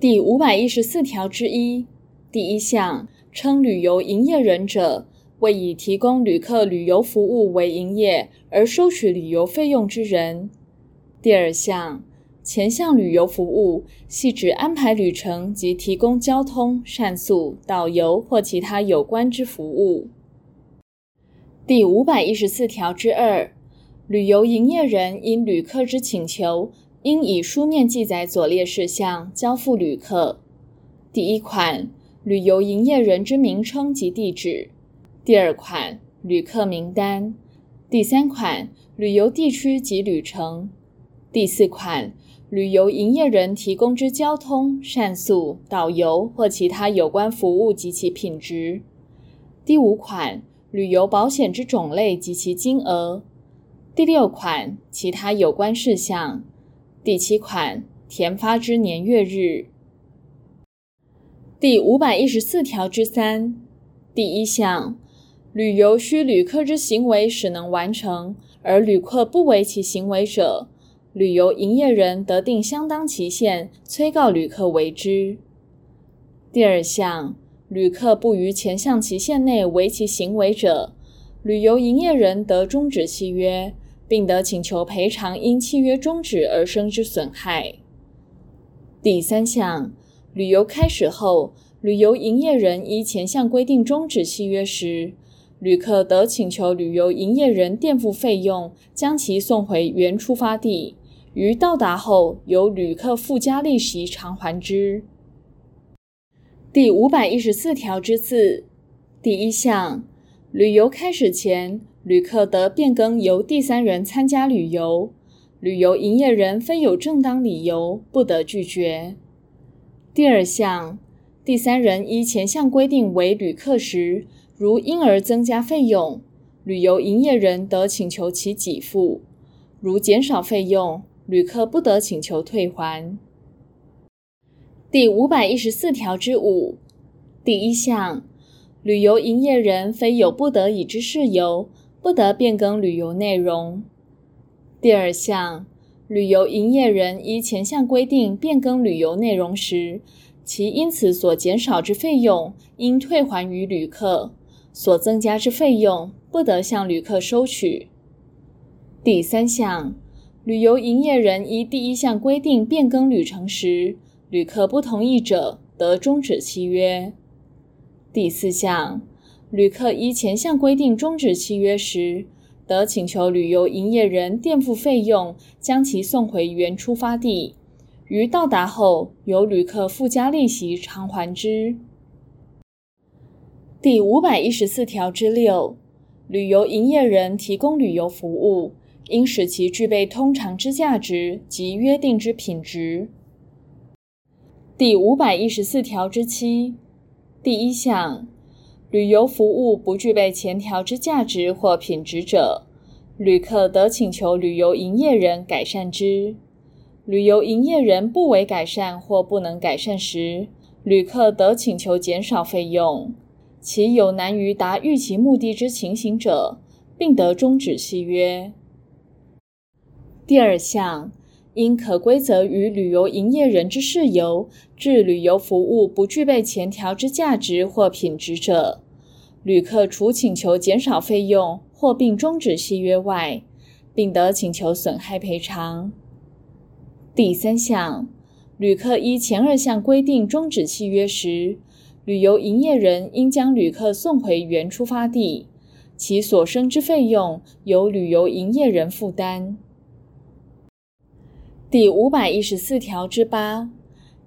第五百一十四條之一，第一項，稱旅遊營業人者，為以提供旅客旅遊服務為營業而收取旅遊費用之人。第二項，前項旅遊服務，係指安排旅程及提供交通、膳宿、導遊或其他有關之服務。第五百一十四條之二，旅遊營業人因旅客之請求。應以書面記載左列事項交付旅客：第一款，旅遊營業人之名稱及地址；第二款，旅客名單；第三款，旅遊地區及旅程；第四款，旅遊營業人提供之交通、膳宿、導遊或其他有關服務及其品質；第五款，旅遊保險之種類及其金額；第六款，其他有關事項。第七款，填發之年月日。第五百一十四條之三第一項，旅遊需旅客之行為始能完成，而旅客不為其行為者，旅遊營業人得定相當期限，催告旅客為之。第二項，旅客不於前項期限內為其行為者，旅遊營業人得終止契約，並得請求賠償因契約終止而生之損害。第三項，旅遊開始後，旅遊營業人依前項規定終止契約時，旅客得請求旅遊營業人墊付費用，將其送回原出發地，於到達後由旅客附加利息償還之。第五百一十四條之四第一項，旅遊開始前。旅客得變更由第三人參加旅遊，旅遊營業人非有正當理由不得拒絕。第二項，第三人依前項規定為旅客時，如因而增加費用，旅遊營業人得請求其給付；如減少費用，旅客不得請求退還。第五百一十四條之五第一項，旅遊營業人非有不得已之事由。不得變更旅遊內容。第二項，旅遊營業人依前項規定變更旅遊內容時，其因此所減少之費用應退還於旅客，所增加之費用不得向旅客收取。第三項，旅遊營業人依第一項規定變更旅程時，旅客不同意者得終止契約。第四項。旅客依前項規定終止契約時，得請求旅遊營業人墊付費用，將其送回原出發地，於到達後由旅客附加利息償還之。第五百一十四條之六，旅遊營業人提供旅遊服務，應使其具備通常之價值及約定之品質。第五百一十四條之七，第一項。旅遊服務不具備前條之價值或品質者，旅客得請求旅遊營業人改善之。旅遊營業人不為改善或不能改善時，旅客得請求減少費用。其有難於達預期目的之情形者，並得終止契約。第二項。因可歸責於旅遊營業人之事由，致旅遊服務不具備前條之價值或品質者，旅客除請求減少費用或並終止契約外，並得請求損害賠償。第三項，旅客依前二項規定終止契約時，旅遊營業人應將旅客送回原出發地，其所生之費用由旅遊營業人負擔。第五百一十四條之八，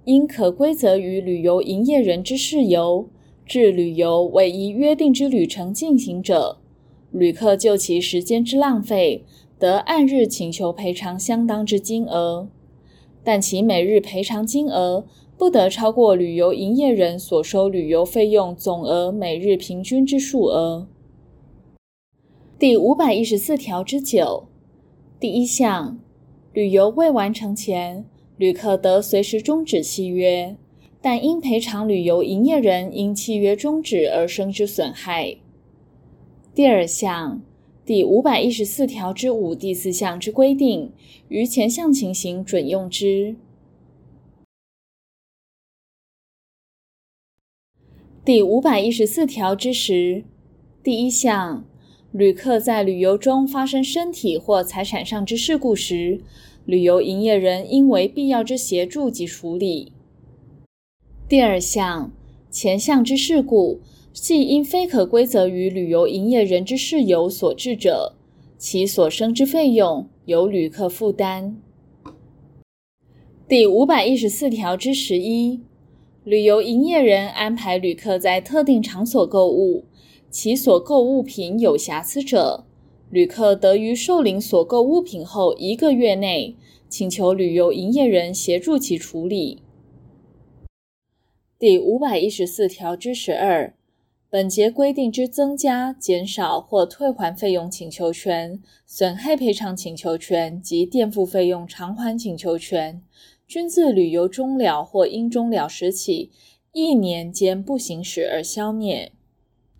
因可歸責於旅遊營業人之事由，致旅遊未依約定之旅程進行者，旅客就其時間之浪費，得按日請求賠償相當之金額，但其每日賠償金額不得超過旅遊營業人所收旅遊費用總額每日平均之數額。第五百一十四條之九，第一項。旅遊未完成前，旅客得隨時終止契約，但應賠償旅遊營業人因契約終止而生之損害。第二項第五百一十四條之五第四項之規定，於前項情形準用之。第五百一十四條之十，第一項。旅客在旅遊中發生身體或財產上之事故時，旅遊營業人應為必要之協助及處理。第二項前項之事故，係因非可歸責於旅遊營業人之事由所致者，其所生之費用由旅客負擔。第五百一十四條之十一，旅遊營業人安排旅客在特定場所購物。其所購物品有瑕疵者，旅客得於受領所購物品後一個月內，請求旅遊營業人協助其處理。第五百一十四條之十二，本節規定之增加、減少或退還費用請求權、損害賠償請求權及墊付費用償還請求權，均自旅遊終了或應終了時起一年間不行使而消滅。